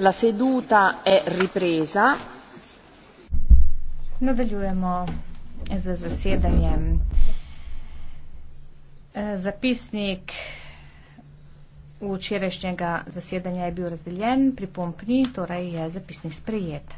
La seduta è ripresa. Nadaljujemo z zasedanjem. E, zapisnik včerajšnjega zasedanja je bil razdeljen, pripomp ni, torej je zapisnik sprejet.